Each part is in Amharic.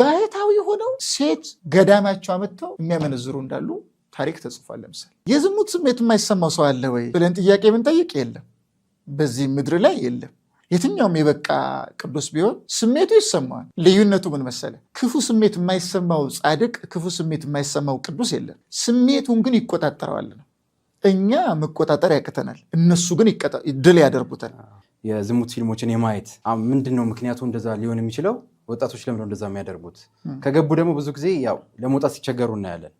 ባህታዊ ሆነው ሴት ገዳማቸው አመጥተው የሚያመነዝሩ እንዳሉ ታሪክ ተጽፏል። ለምሳሌ የዝሙት ስሜት የማይሰማው ሰው አለ ወይ ብለን ጥያቄ ብንጠይቅ የለም፣ በዚህ ምድር ላይ የለም። የትኛውም የበቃ ቅዱስ ቢሆን ስሜቱ ይሰማዋል። ልዩነቱ ምን መሰለ? ክፉ ስሜት የማይሰማው ጻድቅ፣ ክፉ ስሜት የማይሰማው ቅዱስ የለም። ስሜቱን ግን ይቆጣጠረዋል ነው። እኛ መቆጣጠር ያቅተናል፣ እነሱ ግን ድል ያደርጉታል። የዝሙት ፊልሞችን የማየት ምንድን ነው ምክንያቱ እንደዛ ሊሆን የሚችለው? ወጣቶች ለምደ እንደዛ የሚያደርጉት? ከገቡ ደግሞ ብዙ ጊዜ ያው ለመውጣት ሲቸገሩ እናያለን።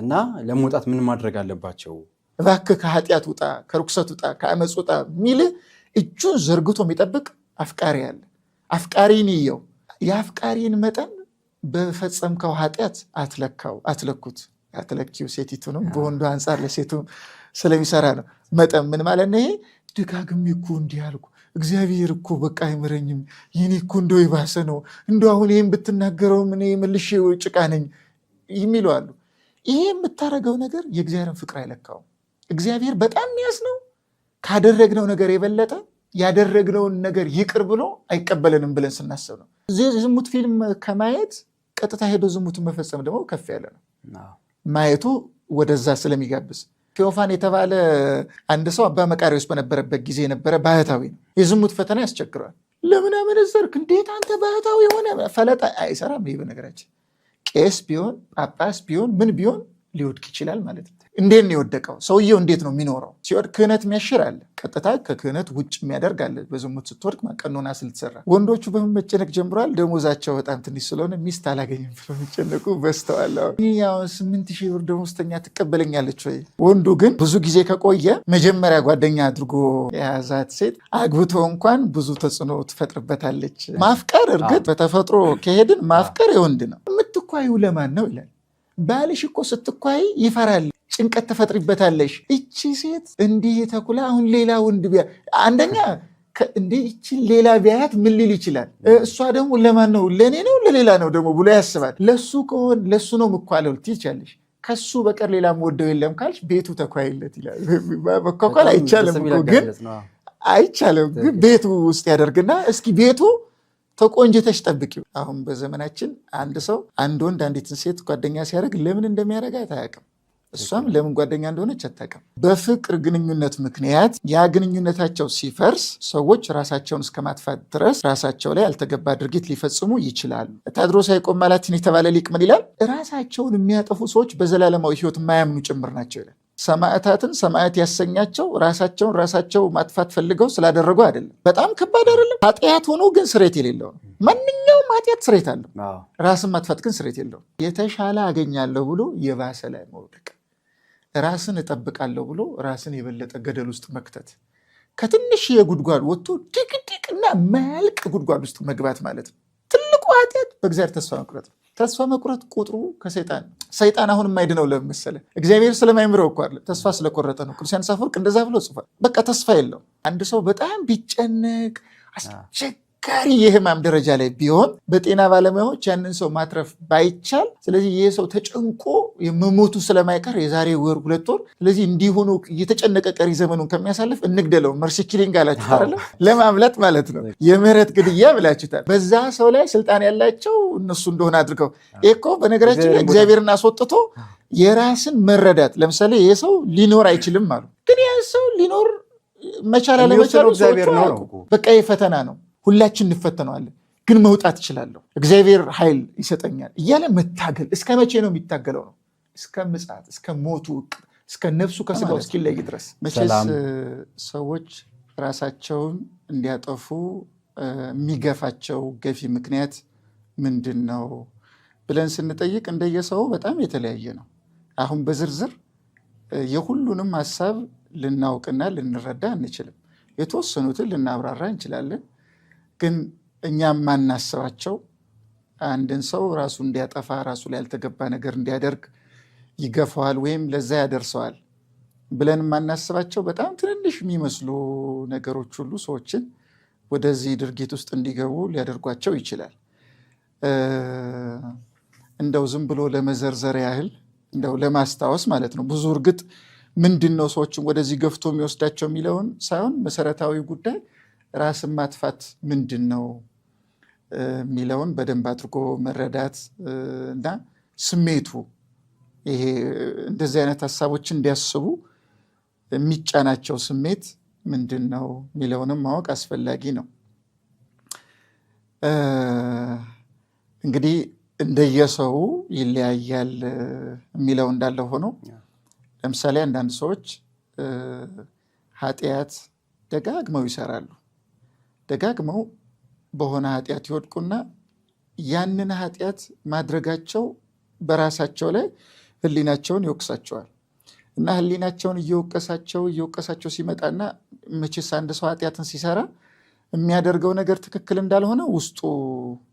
እና ለመውጣት ምን ማድረግ አለባቸው? እባክህ ከኃጢአት ውጣ፣ ከርኩሰት ውጣ፣ ከአመፅ ውጣ ሚል እጁን ዘርግቶ የሚጠብቅ አፍቃሪ አለ። አፍቃሪን እየው። የአፍቃሪን መጠን በፈጸምከው ኃጢአት አትለካው፣ አትለኩት። አትለኪው ሴቲቱንም በወንዱ አንጻር ለሴቱ ስለሚሰራ ነው። መጠን ምን ማለት ነው? ይሄ ደጋግሜ እኮ እንዲህ አልኩ እግዚአብሔር እኮ በቃ አይምረኝም። ይህኔ እኮ እንደው የባሰ ነው፣ እንደ አሁን ይህም ብትናገረውም እኔ መልሼ ጭቃ ነኝ የሚሉ አሉ። ይሄ የምታደርገው ነገር የእግዚአብሔርን ፍቅር አይለካውም። እግዚአብሔር በጣም ሚያስ ነው። ካደረግነው ነገር የበለጠ ያደረግነውን ነገር ይቅር ብሎ አይቀበለንም ብለን ስናስብ ነው። ዝሙት ፊልም ከማየት ቀጥታ ሄዶ ዝሙትን መፈጸም ደግሞ ከፍ ያለ ነው ማየቱ ወደዛ ስለሚጋብዝ ቴዎፋን የተባለ አንድ ሰው አባ መቃሪዎስ በነበረበት ጊዜ የነበረ ባህታዊ ነው። የዝሙት ፈተና ያስቸግረዋል። ለምን አመነዘርክ? እንዴት አንተ ባህታዊ የሆነ ፈለጣ አይሰራም። ይህ በነገራችን ቄስ ቢሆን ጳጳስ ቢሆን ምን ቢሆን ሊወድቅ ይችላል ማለት ነው። እንዴት ነው የወደቀው ሰውየው? እንዴት ነው የሚኖረው? ሲወድ ክህነት የሚያሽር አለ፣ ቀጥታ ከክህነት ውጭ የሚያደርግ አለ። በዝሙት ስትወድቅ ቀኖና ስልትሰራ ወንዶቹ በምን መጨነቅ ጀምረዋል? ደሞዛቸው በጣም ትንሽ ስለሆነ ሚስት አላገኝም ብለው የሚጨነቁ በስተዋል። ስምንት ሺህ ብር ደሞዝተኛ ትቀበለኛለች ወይ? ወንዱ ግን ብዙ ጊዜ ከቆየ መጀመሪያ ጓደኛ አድርጎ የያዛት ሴት አግብቶ እንኳን ብዙ ተጽዕኖ ትፈጥርበታለች። ማፍቀር እርግጥ በተፈጥሮ ከሄድን ማፍቀር የወንድ ነው። የምትኳዩ ለማን ነው ይላል። ባልሽ እኮ ስትኳይ ይፈራል። ጭንቀት ትፈጥሪበታለሽ። እቺ ሴት እንዲህ ተኩላ አሁን ሌላ ወንድ ቢያ አንደኛ እንዴ እቺ ሌላ ቢያያት ምን ሊል ይችላል? እሷ ደግሞ ለማን ነው ለእኔ ነው ለሌላ ነው ደግሞ ብሎ ያስባል። ለሱ ከሆን ለሱ ነው ምኳለው ትችላለሽ። ከሱ በቀር ሌላ ወደው የለም ካልሽ ቤቱ ተኳይለት ይላል። መኳኳል አይቻልም ግን አይቻልም ግን ቤቱ ውስጥ ያደርግና እስኪ ቤቱ ተቆንጅተሽ ጠብቂ አሁን በዘመናችን አንድ ሰው አንድ ወንድ አንዲትን ሴት ጓደኛ ሲያደርግ ለምን እንደሚያደርግ አያውቅም። እሷም ለምን ጓደኛ እንደሆነች አታውቅም። በፍቅር ግንኙነት ምክንያት ያ ግንኙነታቸው ሲፈርስ ሰዎች ራሳቸውን እስከ ማጥፋት ድረስ ራሳቸው ላይ ያልተገባ ድርጊት ሊፈጽሙ ይችላሉ። ሳይቆም ማላቲን የተባለ ሊቅ ምን ይላል? ራሳቸውን የሚያጠፉ ሰዎች በዘላለማዊ ሕይወት የማያምኑ ጭምር ናቸው ይላል። ሰማዕታትን ሰማዕት ያሰኛቸው ራሳቸውን ራሳቸው ማጥፋት ፈልገው ስላደረጉ አይደለም። በጣም ከባድ አይደለም። ኃጢአት ሆኖ ግን ስሬት የሌለው ነው። ማንኛውም ኃጢአት ስሬት አለው። ራስን ማጥፋት ግን ስሬት የለውም። የተሻለ አገኛለሁ ብሎ የባሰ ላይ መውደቅ ራስን እጠብቃለሁ ብሎ ራስን የበለጠ ገደል ውስጥ መክተት ከትንሽ የጉድጓድ ወጥቶ ድቅድቅና ማያልቅ ጉድጓድ ውስጥ መግባት ማለት ነው። ትልቁ ኃጢአት በእግዚአብሔር ተስፋ መቁረጥ ነው። ተስፋ መቁረጥ ቁጥሩ ከሰይጣን ሰይጣን አሁን የማይድነው ለምን መሰለህ? እግዚአብሔር ስለማይምረው እኮ አይደለም፣ ተስፋ ስለቆረጠ ነው። ቅዱስ ዮሐንስ አፈወርቅ እንደዛ ብሎ ጽፏል። በቃ ተስፋ የለውም። አንድ ሰው በጣም ቢጨነቅ አስቸግ አስቸጋሪ የህማም ደረጃ ላይ ቢሆን በጤና ባለሙያዎች ያንን ሰው ማትረፍ ባይቻል፣ ስለዚህ ይህ ሰው ተጨንቆ የመሞቱ ስለማይቀር የዛሬ ወር ሁለት ወር ስለዚህ እንዲሆኑ እየተጨነቀ ቀሪ ዘመኑን ከሚያሳልፍ እንግደለው። መርሲ ኪሊንግ አላችሁ አለ ለማምለጥ ማለት ነው። የምህረት ግድያ ብላችሁታል። በዛ ሰው ላይ ስልጣን ያላቸው እነሱ እንደሆነ አድርገው እኮ በነገራችን ላይ እግዚአብሔርን አስወጥቶ የራስን መረዳት ለምሳሌ ይህ ሰው ሊኖር አይችልም አሉ። ግን ያ ሰው ሊኖር መቻል አለመቻሉ በቃ የፈተና ነው ሁላችን እንፈተነዋለን፣ ግን መውጣት እችላለሁ፣ እግዚአብሔር ኃይል ይሰጠኛል እያለ መታገል። እስከ መቼ ነው የሚታገለው? ነው እስከ ምጽአት፣ እስከ ሞቱ እስከ ነፍሱ ከስጋው እስኪለይ ድረስ። መቼስ ሰዎች ራሳቸውን እንዲያጠፉ የሚገፋቸው ገፊ ምክንያት ምንድን ነው ብለን ስንጠይቅ እንደየሰው በጣም የተለያየ ነው። አሁን በዝርዝር የሁሉንም ሀሳብ ልናውቅና ልንረዳ አንችልም። የተወሰኑትን ልናብራራ እንችላለን። ግን እኛ የማናስባቸው አንድን ሰው ራሱ እንዲያጠፋ ራሱ ላይ ያልተገባ ነገር እንዲያደርግ ይገፋዋል ወይም ለዛ ያደርሰዋል ብለን የማናስባቸው በጣም ትንንሽ የሚመስሉ ነገሮች ሁሉ ሰዎችን ወደዚህ ድርጊት ውስጥ እንዲገቡ ሊያደርጓቸው ይችላል። እንደው ዝም ብሎ ለመዘርዘር ያህል እንደው ለማስታወስ ማለት ነው። ብዙ እርግጥ ምንድን ነው ሰዎችን ወደዚህ ገፍቶ የሚወስዳቸው የሚለውን ሳይሆን መሰረታዊ ጉዳይ ራስን ማጥፋት ምንድን ነው የሚለውን በደንብ አድርጎ መረዳት እና ስሜቱ ይሄ እንደዚህ አይነት ሀሳቦች እንዲያስቡ የሚጫናቸው ስሜት ምንድን ነው የሚለውንም ማወቅ አስፈላጊ ነው። እንግዲህ እንደየሰው ይለያያል የሚለው እንዳለ ሆኖ ለምሳሌ አንዳንድ ሰዎች ኃጢአት ደጋግመው ይሰራሉ። ደጋግመው በሆነ ኃጢአት ይወድቁና ያንን ኃጢአት ማድረጋቸው በራሳቸው ላይ ህሊናቸውን ይወቅሳቸዋል እና ህሊናቸውን እየወቀሳቸው እየወቀሳቸው ሲመጣና መቼስ አንድ ሰው ኃጢአትን ሲሰራ የሚያደርገው ነገር ትክክል እንዳልሆነ ውስጡ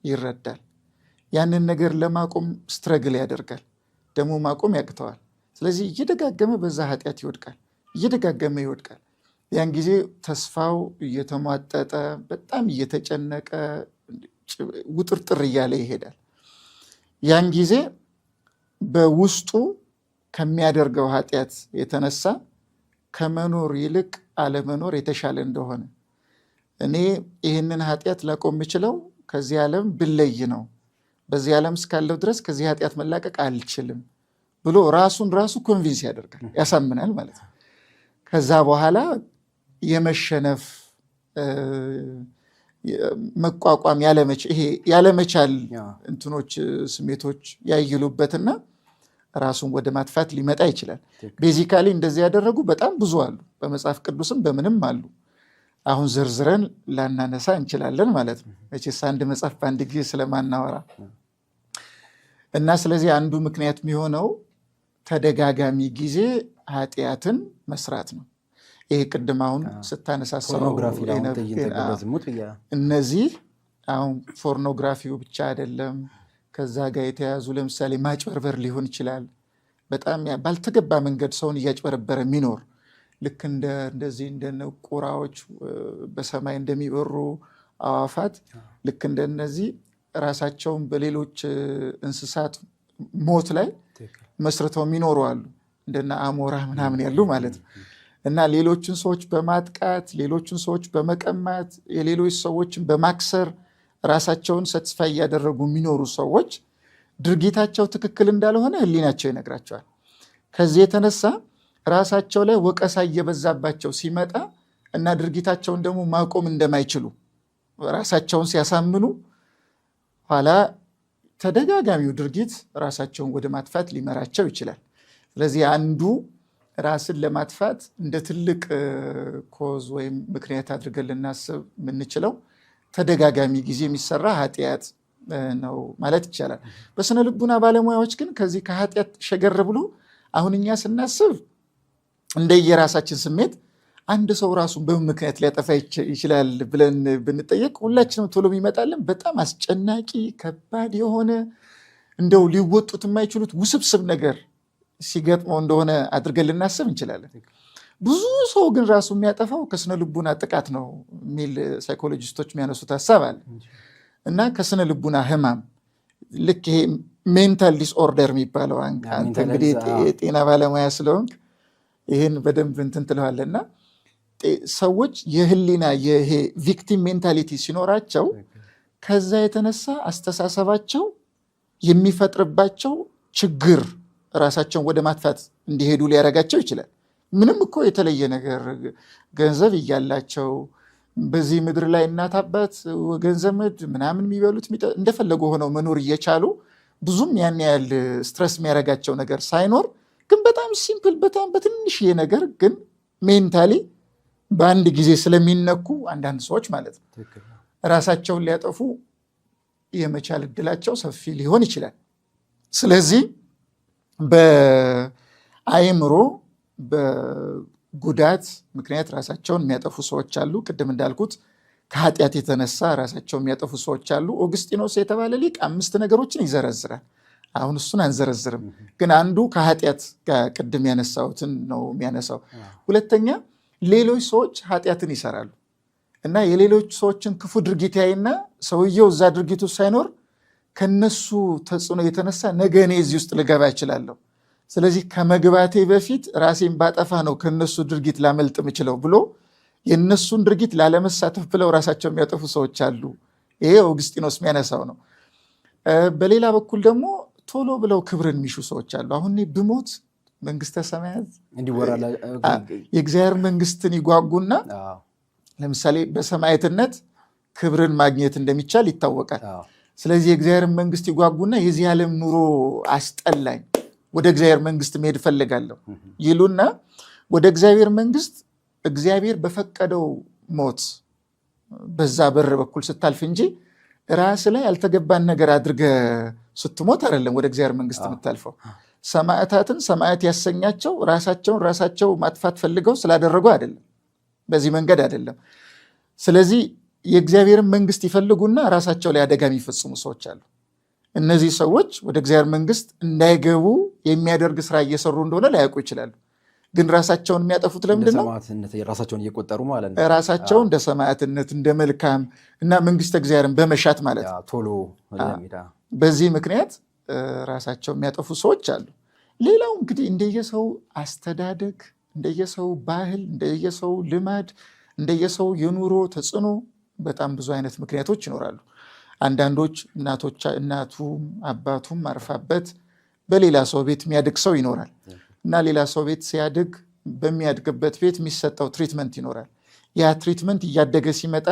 ይረዳል። ያንን ነገር ለማቆም ስትረግል ያደርጋል። ደግሞ ማቆም ያቅተዋል። ስለዚህ እየደጋገመ በዛ ኃጢአት ይወድቃል፣ እየደጋገመ ይወድቃል። ያን ጊዜ ተስፋው እየተሟጠጠ በጣም እየተጨነቀ ውጥርጥር እያለ ይሄዳል። ያን ጊዜ በውስጡ ከሚያደርገው ኃጢአት የተነሳ ከመኖር ይልቅ አለመኖር የተሻለ እንደሆነ እኔ ይህንን ኃጢአት ላቆም የምችለው ከዚህ ዓለም ብለይ ነው፣ በዚህ ዓለም እስካለው ድረስ ከዚህ ኃጢአት መላቀቅ አልችልም ብሎ ራሱን ራሱ ኮንቪንስ ያደርጋል፣ ያሳምናል ማለት ነው። ከዛ በኋላ የመሸነፍ መቋቋም ይሄ ያለመቻል እንትኖች ስሜቶች ያይሉበትና ራሱን ወደ ማጥፋት ሊመጣ ይችላል። ቤዚካሊ እንደዚህ ያደረጉ በጣም ብዙ አሉ፣ በመጽሐፍ ቅዱስም በምንም አሉ። አሁን ዘርዝረን ላናነሳ እንችላለን ማለት ነው። መቼስ አንድ መጽሐፍ በአንድ ጊዜ ስለማናወራ እና ስለዚህ አንዱ ምክንያት የሚሆነው ተደጋጋሚ ጊዜ ኃጢአትን መስራት ነው። ይሄ ቅድም አሁን ስታነሳሰራግራፊ እነዚህ አሁን ፎርኖግራፊው ብቻ አይደለም። ከዛ ጋር የተያዙ ለምሳሌ ማጭበርበር ሊሆን ይችላል። በጣም ባልተገባ መንገድ ሰውን እያጭበረበረ የሚኖር ልክ እንደ እንደዚህ እንደነ ቁራዎች በሰማይ እንደሚበሩ አዋፋት ልክ እንደነዚህ ራሳቸውን በሌሎች እንስሳት ሞት ላይ መስርተው የሚኖሩ አሉ። እንደነ አሞራ ምናምን ያሉ ማለት ነው። እና ሌሎችን ሰዎች በማጥቃት ሌሎችን ሰዎች በመቀማት የሌሎች ሰዎችን በማክሰር ራሳቸውን ሰትስፋይ እያደረጉ የሚኖሩ ሰዎች ድርጊታቸው ትክክል እንዳልሆነ ህሊናቸው ይነግራቸዋል። ከዚህ የተነሳ ራሳቸው ላይ ወቀሳ እየበዛባቸው ሲመጣ እና ድርጊታቸውን ደግሞ ማቆም እንደማይችሉ ራሳቸውን ሲያሳምኑ ኋላ ተደጋጋሚው ድርጊት ራሳቸውን ወደ ማጥፋት ሊመራቸው ይችላል። ስለዚህ አንዱ ራስን ለማጥፋት እንደ ትልቅ ኮዝ ወይም ምክንያት አድርገን ልናስብ የምንችለው ተደጋጋሚ ጊዜ የሚሰራ ኃጢአት ነው ማለት ይቻላል። በስነ ልቡና ባለሙያዎች ግን ከዚህ ከኃጢአት ሸገር ብሎ አሁን እኛ ስናስብ እንደየራሳችን ስሜት አንድ ሰው ራሱን በምን ምክንያት ሊያጠፋ ይችላል ብለን ብንጠየቅ ሁላችንም ቶሎ የሚመጣልን በጣም አስጨናቂ ከባድ የሆነ እንደው ሊወጡት የማይችሉት ውስብስብ ነገር ሲገጥመው እንደሆነ አድርገን ልናስብ እንችላለን። ብዙ ሰው ግን ራሱ የሚያጠፋው ከስነ ልቡና ጥቃት ነው የሚል ሳይኮሎጂስቶች የሚያነሱት ሀሳብ አለ እና ከስነ ልቡና ህማም ልክ ይሄ ሜንታል ዲስኦርደር የሚባለው አንተ እንግዲህ የጤና ባለሙያ ስለሆንክ ይህን በደንብ እንትን እና ሰዎች የህሊና ይሄ ቪክቲም ሜንታሊቲ ሲኖራቸው ከዛ የተነሳ አስተሳሰባቸው የሚፈጥርባቸው ችግር ራሳቸውን ወደ ማጥፋት እንዲሄዱ ሊያደርጋቸው ይችላል። ምንም እኮ የተለየ ነገር ገንዘብ እያላቸው በዚህ ምድር ላይ እናት አባት ወገን ዘመድ ምናምን የሚበሉት እንደፈለጉ ሆነው መኖር እየቻሉ ብዙም ያን ያህል ስትረስ የሚያደርጋቸው ነገር ሳይኖር ግን በጣም ሲምፕል በጣም በትንሽዬ ነገር ግን ሜንታሊ በአንድ ጊዜ ስለሚነኩ አንዳንድ ሰዎች ማለት ነው ራሳቸውን ሊያጠፉ የመቻል እድላቸው ሰፊ ሊሆን ይችላል። ስለዚህ በአእምሮ በጉዳት ምክንያት ራሳቸውን የሚያጠፉ ሰዎች አሉ። ቅድም እንዳልኩት ከኃጢአት የተነሳ ራሳቸው የሚያጠፉ ሰዎች አሉ። ኦግስጢኖስ የተባለ ሊቅ አምስት ነገሮችን ይዘረዝራል። አሁን እሱን አንዘረዝርም፣ ግን አንዱ ከኃጢአት ጋር ቅድም ያነሳሁትን ነው የሚያነሳው። ሁለተኛ ሌሎች ሰዎች ኃጢአትን ይሰራሉ እና የሌሎች ሰዎችን ክፉ ድርጊት ያይና ሰውየው እዛ ድርጊቱ ሳይኖር ከነሱ ተጽዕኖ የተነሳ ነገ እኔ እዚህ ውስጥ ልገባ እችላለሁ። ስለዚህ ከመግባቴ በፊት ራሴን ባጠፋ ነው ከነሱ ድርጊት ላመልጥ ምችለው ብሎ የነሱን ድርጊት ላለመሳተፍ ብለው ራሳቸው የሚያጠፉ ሰዎች አሉ። ይሄ ኦግስጢኖስ የሚያነሳው ነው። በሌላ በኩል ደግሞ ቶሎ ብለው ክብርን የሚሹ ሰዎች አሉ። አሁን ብሞት መንግስተ ሰማያት የእግዚአብሔር መንግስትን ይጓጉና ለምሳሌ በሰማዕትነት ክብርን ማግኘት እንደሚቻል ይታወቃል። ስለዚህ የእግዚአብሔር መንግስት ይጓጉና የዚህ ዓለም ኑሮ አስጠላኝ፣ ወደ እግዚአብሔር መንግስት መሄድ እፈልጋለሁ ይሉና ወደ እግዚአብሔር መንግስት እግዚአብሔር በፈቀደው ሞት በዛ በር በኩል ስታልፍ እንጂ ራስ ላይ ያልተገባን ነገር አድርገ ስትሞት አይደለም ወደ እግዚአብሔር መንግስት የምታልፈው። ሰማዕታትን ሰማዕት ያሰኛቸው ራሳቸውን ራሳቸው ማጥፋት ፈልገው ስላደረጉ አይደለም፣ በዚህ መንገድ አይደለም። ስለዚህ የእግዚአብሔርን መንግስት ይፈልጉና ራሳቸው ላይ አደጋ የሚፈጽሙ ሰዎች አሉ። እነዚህ ሰዎች ወደ እግዚአብሔር መንግስት እንዳይገቡ የሚያደርግ ስራ እየሰሩ እንደሆነ ላያውቁ ይችላሉ። ግን ራሳቸውን የሚያጠፉት ለምንድን ራሳቸውን እየቆጠሩ ማለት ነው። ራሳቸው እንደ ሰማዕትነት እንደ መልካም እና መንግስት እግዚአብሔርን በመሻት ማለት ነው። ቶሎ በዚህ ምክንያት ራሳቸው የሚያጠፉ ሰዎች አሉ። ሌላው እንግዲህ እንደየሰው አስተዳደግ፣ እንደየሰው ባህል፣ እንደየሰው ልማድ፣ እንደየሰው የኑሮ ተጽዕኖ በጣም ብዙ አይነት ምክንያቶች ይኖራሉ። አንዳንዶች እናቱም አባቱም አርፋበት በሌላ ሰው ቤት የሚያድግ ሰው ይኖራል እና ሌላ ሰው ቤት ሲያድግ በሚያድግበት ቤት የሚሰጠው ትሪትመንት ይኖራል። ያ ትሪትመንት እያደገ ሲመጣ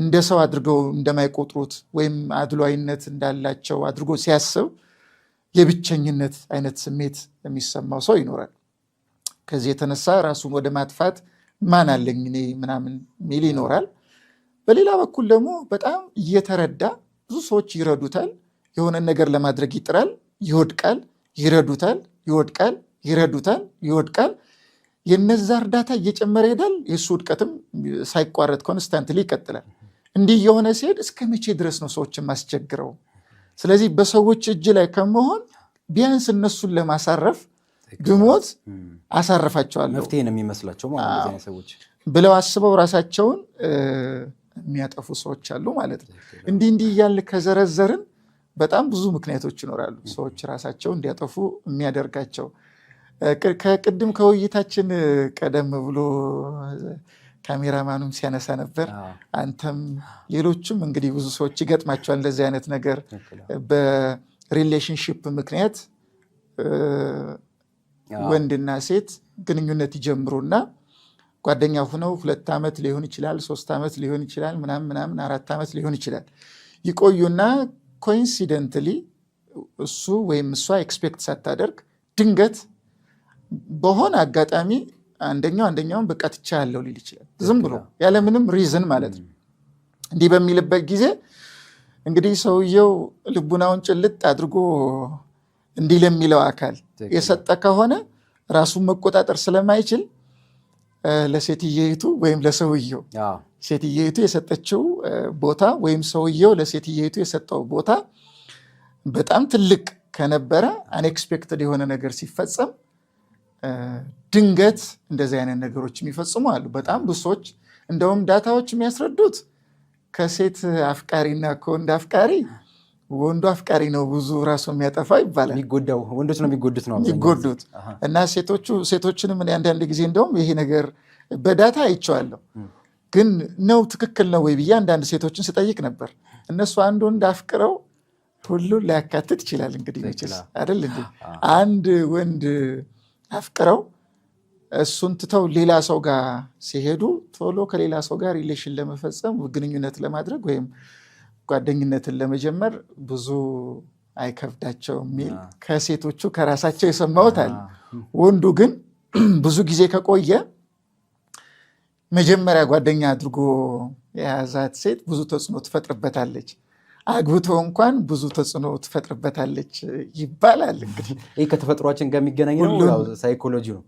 እንደ ሰው አድርገው እንደማይቆጥሩት ወይም አድሏዊነት እንዳላቸው አድርጎ ሲያስብ የብቸኝነት አይነት ስሜት የሚሰማው ሰው ይኖራል። ከዚህ የተነሳ ራሱን ወደ ማጥፋት ማን አለኝ እኔ ምናምን ሚል ይኖራል። በሌላ በኩል ደግሞ በጣም እየተረዳ ብዙ ሰዎች ይረዱታል፣ የሆነ ነገር ለማድረግ ይጥራል፣ ይወድቃል፣ ይረዱታል፣ ይወድቃል፣ ይረዱታል፣ ይወድቃል። የነዛ እርዳታ እየጨመረ ይሄዳል። የእሱ ውድቀትም ሳይቋረጥ ኮንስታንትሊ ይቀጥላል። እንዲህ የሆነ ሲሄድ እስከ መቼ ድረስ ነው ሰዎችን ማስቸግረው? ስለዚህ በሰዎች እጅ ላይ ከመሆን ቢያንስ እነሱን ለማሳረፍ ብሞት አሳርፋቸዋለሁ መፍትሄ ነው የሚመስላቸው ብለው አስበው ራሳቸውን የሚያጠፉ ሰዎች አሉ ማለት ነው። እንዲህ እንዲህ እያል ከዘረዘርን በጣም ብዙ ምክንያቶች ይኖራሉ ሰዎች ራሳቸው እንዲያጠፉ የሚያደርጋቸው። ከቅድም ከውይይታችን ቀደም ብሎ ካሜራማኑም ሲያነሳ ነበር፣ አንተም ሌሎችም እንግዲህ ብዙ ሰዎች ይገጥማቸዋል እንደዚህ አይነት ነገር በሪሌሽንሽፕ ምክንያት ወንድና ሴት ግንኙነት ይጀምሩና ጓደኛ ሁነው ሁለት ዓመት ሊሆን ይችላል፣ ሶስት ዓመት ሊሆን ይችላል፣ ምናምን ምናምን አራት ዓመት ሊሆን ይችላል። ይቆዩና ኮይንሲደንትሊ እሱ ወይም እሷ ኤክስፔክት ሳታደርግ ድንገት በሆነ አጋጣሚ አንደኛው አንደኛውን በቃ ትቻያለሁ ሊል ይችላል። ዝም ብሎ ያለምንም ሪዝን ማለት ነው። እንዲህ በሚልበት ጊዜ እንግዲህ ሰውየው ልቡናውን ጭልጥ አድርጎ እንዲህ ለሚለው አካል የሰጠ ከሆነ ራሱን መቆጣጠር ስለማይችል ለሴትየይቱ ወይም ለሰውየው ሴትየይቱ የሰጠችው ቦታ ወይም ሰውየው ለሴትየይቱ የሰጠው ቦታ በጣም ትልቅ ከነበረ አንኤክስፔክትድ የሆነ ነገር ሲፈጸም ድንገት እንደዚህ አይነት ነገሮች የሚፈጽሙ አሉ። በጣም ብሶች እንደውም ዳታዎች የሚያስረዱት ከሴት አፍቃሪና ከወንድ አፍቃሪ ወንዱ አፍቃሪ ነው ብዙ ራሱ የሚያጠፋ ይባላል። ወንዶች ነው የሚጎዱት ነው የሚጎዱት እና ሴቶቹ ሴቶችንም አንዳንድ ጊዜ እንደውም ይሄ ነገር በዳታ አይቼዋለሁ። ግን ነው ትክክል ነው ወይ ብዬ አንዳንድ ሴቶችን ስጠይቅ ነበር። እነሱ አንድ ወንድ አፍቅረው ሁሉን ላያካትት ይችላል እንግዲህ መቼስ አይደል እንዴ? አንድ ወንድ አፍቅረው እሱን ትተው ሌላ ሰው ጋር ሲሄዱ ቶሎ ከሌላ ሰው ጋር ሪሌሽን ለመፈጸም ግንኙነት ለማድረግ ወይም ጓደኝነትን ለመጀመር ብዙ አይከብዳቸው የሚል ከሴቶቹ ከራሳቸው የሰማሁት አለ። ወንዱ ግን ብዙ ጊዜ ከቆየ መጀመሪያ ጓደኛ አድርጎ የያዛት ሴት ብዙ ተጽዕኖ ትፈጥርበታለች፣ አግብቶ እንኳን ብዙ ተጽዕኖ ትፈጥርበታለች ይባላል። እንግዲህ ይህ ከተፈጥሯችን ጋር የሚገናኝ ነው፣ ሳይኮሎጂ ነው።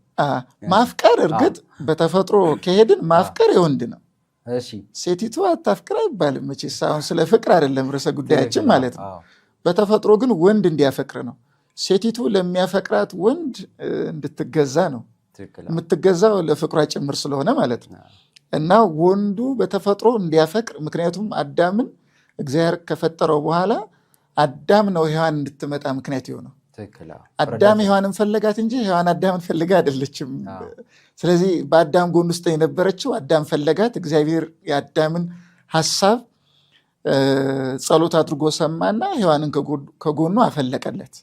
ማፍቀር እርግጥ በተፈጥሮ ከሄድን ማፍቀር የወንድ ነው። ሴቲቱ አታፍቅር አይባልም መቼስ። አሁን ስለ ፍቅር አይደለም ርዕሰ ጉዳያችን ማለት ነው። በተፈጥሮ ግን ወንድ እንዲያፈቅር ነው። ሴቲቱ ለሚያፈቅራት ወንድ እንድትገዛ ነው። የምትገዛው ለፍቅሯ ጭምር ስለሆነ ማለት ነው። እና ወንዱ በተፈጥሮ እንዲያፈቅር ምክንያቱም አዳምን እግዚአብሔር ከፈጠረው በኋላ አዳም ነው ሔዋን እንድትመጣ ምክንያት የሆነው። አዳም ሔዋንን ፈለጋት እንጂ ሔዋን አዳምን ፈልጋ አይደለችም። ስለዚህ በአዳም ጎን ውስጥ የነበረችው አዳም ፈለጋት። እግዚአብሔር የአዳምን ሀሳብ ጸሎት አድርጎ ሰማና ሔዋንን ከጎኑ አፈለቀለት።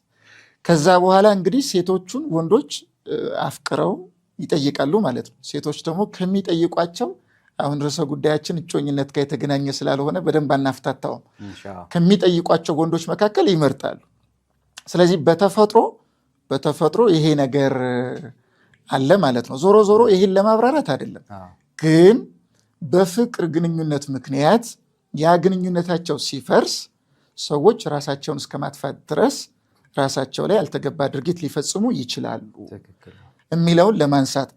ከዛ በኋላ እንግዲህ ሴቶቹን ወንዶች አፍቅረው ይጠይቃሉ ማለት ነው። ሴቶች ደግሞ ከሚጠይቋቸው አሁን ርዕሰ ጉዳያችን እጮኝነት ጋር የተገናኘ ስላልሆነ በደንብ አናፍታታውም። ከሚጠይቋቸው ወንዶች መካከል ይመርጣሉ። ስለዚህ በተፈጥሮ በተፈጥሮ ይሄ ነገር አለ ማለት ነው። ዞሮ ዞሮ ይህን ለማብራራት አይደለም፣ ግን በፍቅር ግንኙነት ምክንያት ያ ግንኙነታቸው ሲፈርስ ሰዎች ራሳቸውን እስከ ማጥፋት ድረስ ራሳቸው ላይ ያልተገባ ድርጊት ሊፈጽሙ ይችላሉ የሚለውን ለማንሳት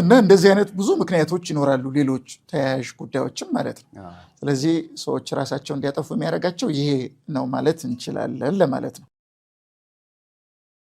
እና እንደዚህ አይነት ብዙ ምክንያቶች ይኖራሉ፣ ሌሎች ተያያዥ ጉዳዮችም ማለት ነው። ስለዚህ ሰዎች ራሳቸው እንዲያጠፉ የሚያደርጋቸው ይሄ ነው ማለት እንችላለን ለማለት ነው።